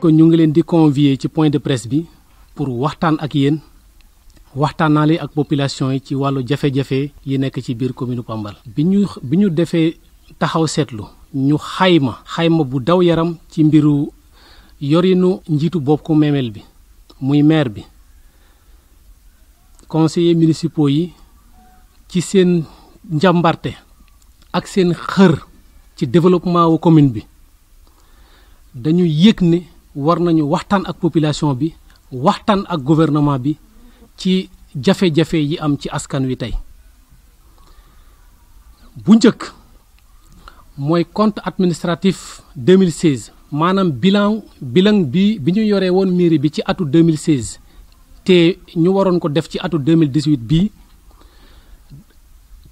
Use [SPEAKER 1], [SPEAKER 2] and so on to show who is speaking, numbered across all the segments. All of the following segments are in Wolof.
[SPEAKER 1] que ñu ngi leen di point de presse pour waxtaan ak yéen waxtaanaale ak population ci wàllu jafe yi nekk ci commune Pambal. bi ñu fait taxaw ñu xayma xayma bu daw yaram ci mbiru yorinu bi muy maire bi conseillers municipaux yi ci ak ci développement commune bi dañu war nañu waxtaan ak population bi waxtaan ak gouvernement bi ci jafe-jafe yi am ci askan wi tey bu njëkk mooy compte administratif 2016 maanaam bilan bilan bi bi ñu yoree woon mairie bi ci atu 2016 te ñu waroon ko def ci atu 2018 bii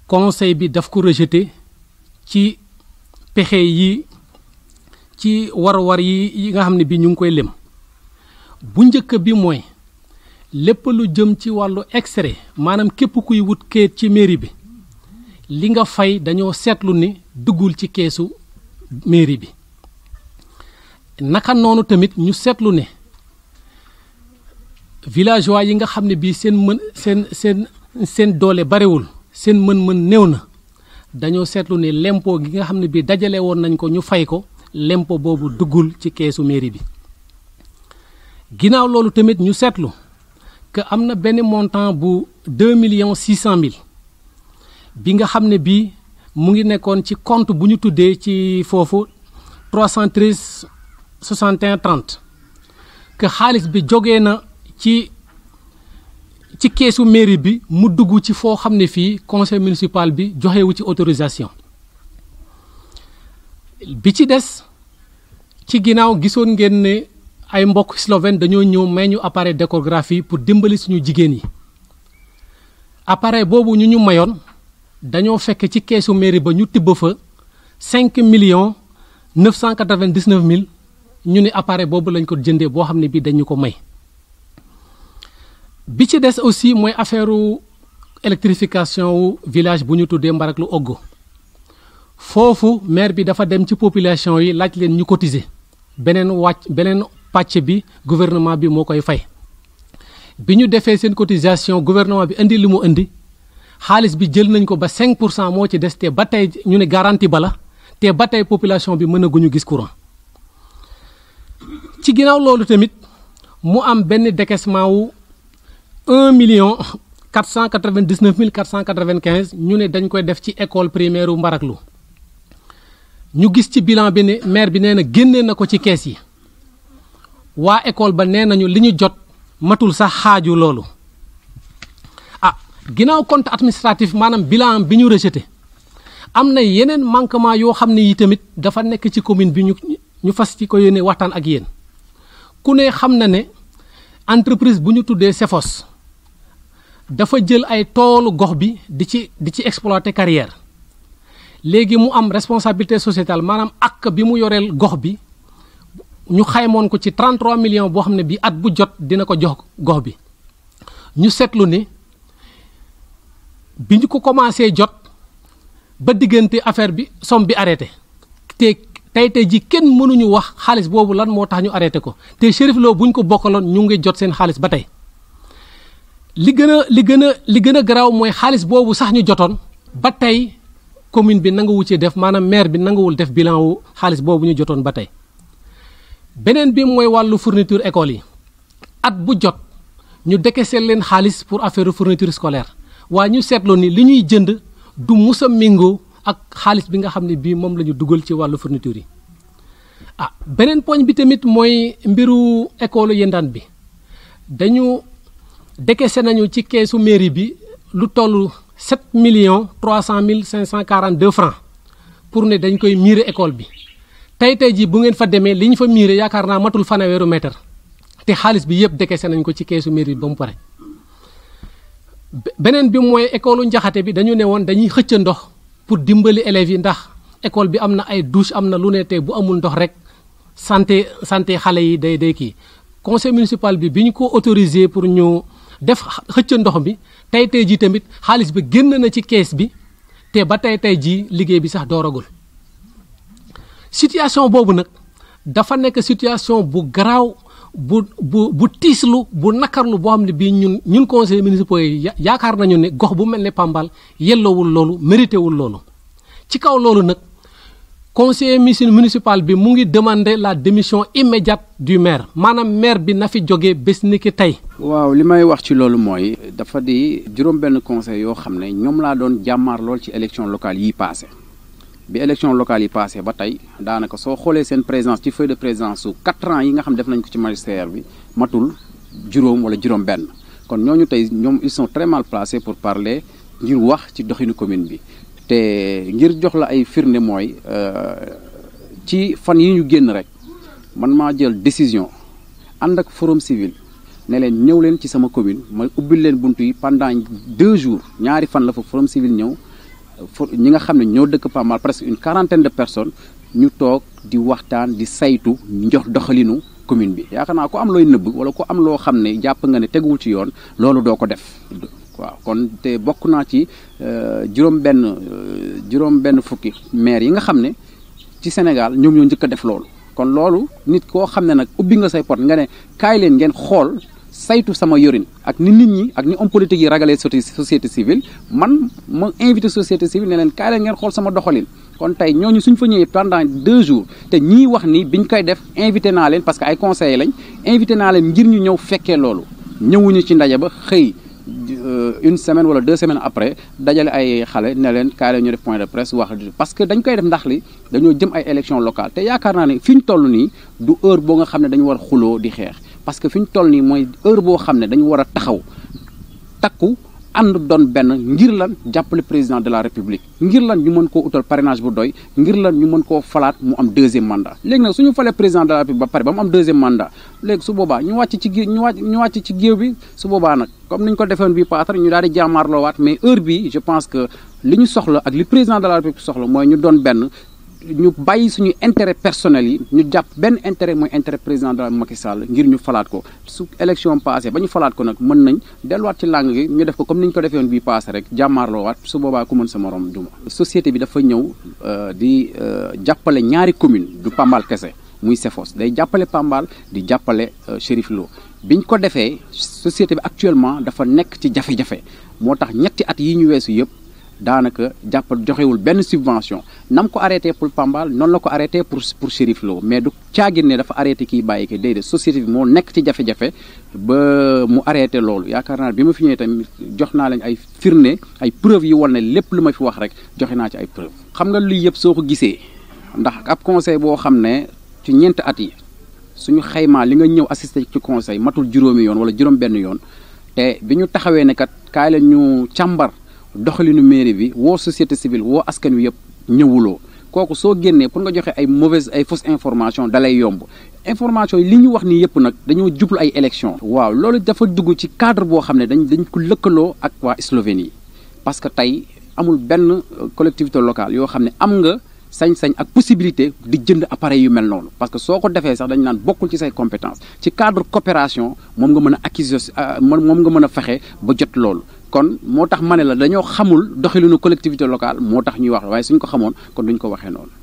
[SPEAKER 1] conseil bi daf ko rejeté ci pexe yi ci war-war yi nga xam ne bii ñu ngi koy lim bu njëkk bi mooy lépp lu jëm ci wàllu extrait maanaam képp kuy wut kayit ci mairie bi li nga fay dañoo seetlu ni duggul ci keesu mairie bi naka noonu tamit ñu seetlu ne villageois yi nga xam ne bii seen mën seen seen seen doole barewul seen mën-mën néew na dañoo seetlu ne l'impôt gi nga xam ne bii dajale woon nañ ko ñu fay ko lempo boobu duggul ci keesu mairie bi ginnaaw loolu tamit ñu seetlu que am na benn montant bu deux millions six mille bi nga xam ne bii mu ngi nekkoon ci compte bu ñu tuddee ci foofu trois cent treize que xaalis bi jógee na ci ci keesu mairie bi mu dugg ci foo xam ne fii conseil municipal bi joxewu ci autorisation bi ci des ci ginnaaw gisoon ngeen ne ay mbokk slovène dañoo ñëw may ñu appareil d'échographie pour dimbali suñu jigéen yi appareil boobu ñu ñu mayoon dañoo fekk ci keesu mairie ba ñu tibb fa 5 millions 999 mille ñu ne appareil boobu lañ ko jëndee boo xam ne bii dañu ko may bi ci des aussi mooy affaire électrification wu village bu ñu tuddee lu Oggo foofu maire bi dafa dem ci population yi laaj leen ñu cotiser beneen wàcc beneen pàcc bi gouvernement bi moo koy fay bi ñu defee seen cotisation gouvernement bi indi li mu indi xaalis bi jël nañ ko ba 5 pour cent moo ci des te ba tey ñu ne ba la te ba tey population bi mënaguñu gis courant ci ginnaaw loolu tamit mu am benn décaissement wu 1 million 499 mille 495 ñu ne dañ koy def ci école primaire wu Mbaraklu ñu gis ci bilan bi ne maire bi nee na génnee na ko ci kees yi waa école ba nee nañu li ñu jot matul sax xaaju loolu ah ginnaaw compte administratif maanaam bilan bi ñu rejeté am na yeneen manquement yoo xam ne yi tamit dafa nekk ci commune bi ñu ñu fas ci ko yéene waxtaan ak yéen ku ne xam na ne entreprise bu ñu tuddee Cefos dafa jël ay toolu gox bi di ci di ci exploiter carrière léegi mu am responsabilité sociétale maanaam ak bi mu yoreel gox bi ñu xaymoon ko ci 33 million boo xam ne bii at bu jot dina ko jox gox bi ñu seetlu ne bi ñu ko commencé jot ba diggante affaire bi som bi arrêté te tey tey ji kenn mënuñu wax xaalis boobu lan moo tax ñu arrêté ko te Chérif Lo bu ñu ko bokkaloon ñu ngi jot seen xaalis ba tey li gën a li gën a li gën a garaaw mooy xaalis boobu sax ñu jotoon ba tey commune bi nangawu ci def maanaam maire bi nangawul def bilan wu xaalis boobu ñu jotoon ba tey beneen bi mooy wàllu fourniture école yi at bu jot ñu décaissé leen xaalis pour affaire fourniture scolaire waaye ñu seetloo ni li ñuy jënd du mus a ak xaalis bi nga xam ne bii moom lañu dugal ci wàllu fourniture yi ah beneen poñ bi tamit mooy mbiru école yëndaan bi dañu décaissé nañu ci keesu mairie bi lu toll sept millions trois cent mille cinq cent quarante deux francs pour ne dañ koy miire école bi tey tey jii bu ngeen fa demee li ñu fa miire yaakaar naa matul fanaweeru mètre te xaalis bi yëpp dekese nañ ko ci keesu mairie bi ba mu pare. beneen bi mooy école njaxate bi dañu ne woon dañuy xëcc ndox pour dimbali élèves yi ndax école bi am na ay douche am na lu ne tey bu amul ndox rek santé santé xale yi day day kii conseil municipal bi biñ ko autorisé pour ñu. def xëcca ndox bi tey tey jii tamit xaalis bi génn na ci kees bi te ba tey tey jii liggéey bi sax dooragul situation boobu nag dafa nekk situation bu garaaw bu bu bu tiislu bu nakkarlu boo xam ne bii ñun ñun conseil municipaux yi yaakaar nañu ne gox bu mel ne Pambal yelloowul loolu mérité wul loolu ci kaw loolu nag conseiller municipal bi mu ngi demander la démission immédiate du maire maanaam maire bi na fi jógee bés ni ki tey.
[SPEAKER 2] waaw li may wax ci loolu mooy. dafa di juróom-benn conseil yoo xam ne ñoom laa doon jàmmaar lool ci élection locale yi passé bi élection locale yi passé ba tey daanaka soo xoolee seen présence ci feuille de présence su quatre ans yi nga xam def nañ ko ci magistère bi matul juróom wala juróom benn kon ñooñu tey ñoom ils sont très mal placés pour parler ngir wax ci doxinu commune bi te ngir jox la ay firnde mooy euh, ci fan yi ñu génn rek man maa jël décision ànd ak forum civil ne leen ñëw leen ci sama commune ma ubbil leen bunt yi pendant deux jours ñaari fan la fa forum civil ñëw ñi nga xam ne ñoo dëkk Pambal presque une quarantaine de personnes ñu toog di waxtaan di saytu njox doxalinu commune bi yaakaar naa ku am looy nëbb wala ku am loo xam ne jàpp nga ne teguwul ci yoon loolu doo ko def waaw kon te bokk naa ci euh, juróom benn euh, juróom benn fukki maire yi nga xam ne ci Sénégal ñoom ñoo njëkk a def loolu kon loolu nit koo xam ne nag ubbi nga say porte nga ne kaay leen ngeen xool saytu sama yorin ak ni nit ñi ak ni homme politique yi ragalee société civile man ma invité société civile ne leen kaay ngeen xool sama doxalin kon tey ñooñu suñ fa ñëwee pendant deux jours te ñii wax ni bi ñu koy def invité naa leen parce que ay conseillers lañ invité naa leen ngir ñu ñëw fekkee loolu ñëwuñu ci ndaje ba xëy Euh, une semaine wala deux semaines après dajale ay xale ne leen kaay ñu def point de presse wax parce que dañ koy def ndax li dañoo jëm ay élections locales te yaakaar naa ne fi toll nii du heure boo nga xam ne dañu war a xuloo di xeex parce que fiñ ñu toll nii mooy heure boo xam ne dañu war a taxaw takku. ànd doon benn ngir lan jàppale président de la république ngir lan ñu mën koo utal parrainage bu doy ngir lan ñu mën koo falaat mu am deuxième mandat léegi nag suñu falee président de la république ba pare ba mu am deuxième mandat léegi su booba ñu wàcc ci ñu wàcc ci géew bi su boobaa nag comme ni ñu ko defoon bii paatar ñu daal di waat mais heure bi je pense que li ñu soxla ak li président de la république soxla mooy ñu doon benn ñu bàyyi suñu intérêt personnel yi ñu jàpp benn intérêt mooy intérêt président de Macky Sall ngir ñu falaat ko su élection passé ba ñu falaat ko nag mën nañ delluwaat ci làng gi ñu def ko comme ni ñu ko defee woon bii passé rek jàmmaarloowaat su boobaa ku mën sa morom société bi dafa ñëw euh, di euh, jàppale ñaari commune du Pambal kese muy Cefos day jàppale Pambal di jàppale euh, Chérif biñ ko defee société bi actuellement dafa nekk ci jafe-jafe moo tax ñetti at yi ñu weesu yëpp daanaka jàppal joxewul benn subvention nam ko arrêté pour Pambal noonu la ko arrêté pour pour Chérif Lo mais du caagin ne dafa arrêté kii bàyyi kii déedéet société bi moo nekk ci jafe-jafe ba mu arrêté loolu yaakaar naa bi ma fi ñëwee tamit jox naa lañ ay firnde ay preuve yi wal ne lépp lu ma fi wax rek joxe naa ci ay preuve xam nga luy yëpp soo ko gisee ndax ab conseil boo xam ne ci ñeenti at yi suñu xaymaa li nga ñëw assisté ci conseil matul juróomi yoon wala juróom benn yoon te bi ñu taxawee ne kat kaay la ñu càmbar doxalinu mairie bi woo société civile woo askan wi yëpp ñëwuloo kooku soo génnee pour nga joxe ay mauvaise ay fausse information dalay yomb information yi li ñu wax ni yëpp nag dañoo jublu ay élection waaw loolu dafa dugg ci cadre boo xam ne dañ dañ ko lëkkaloo ak waa Slovénie parce que tey amul benn euh, collectivité locale yoo xam ne am nga sañ-sañ ak possibilité di jënd appareil yu mel noonu parce que soo ko defee sax dañu naan bokkul ci say compétence ci cadre coopération moom nga mën a acquise euh, moom nga mën a fexe ba jot loolu kon moo tax ma ne la dañoo xamul doxalinu collectivité locale moo tax ñuy wax waaye suñ ko xamoon kon duñ ko waxee noonu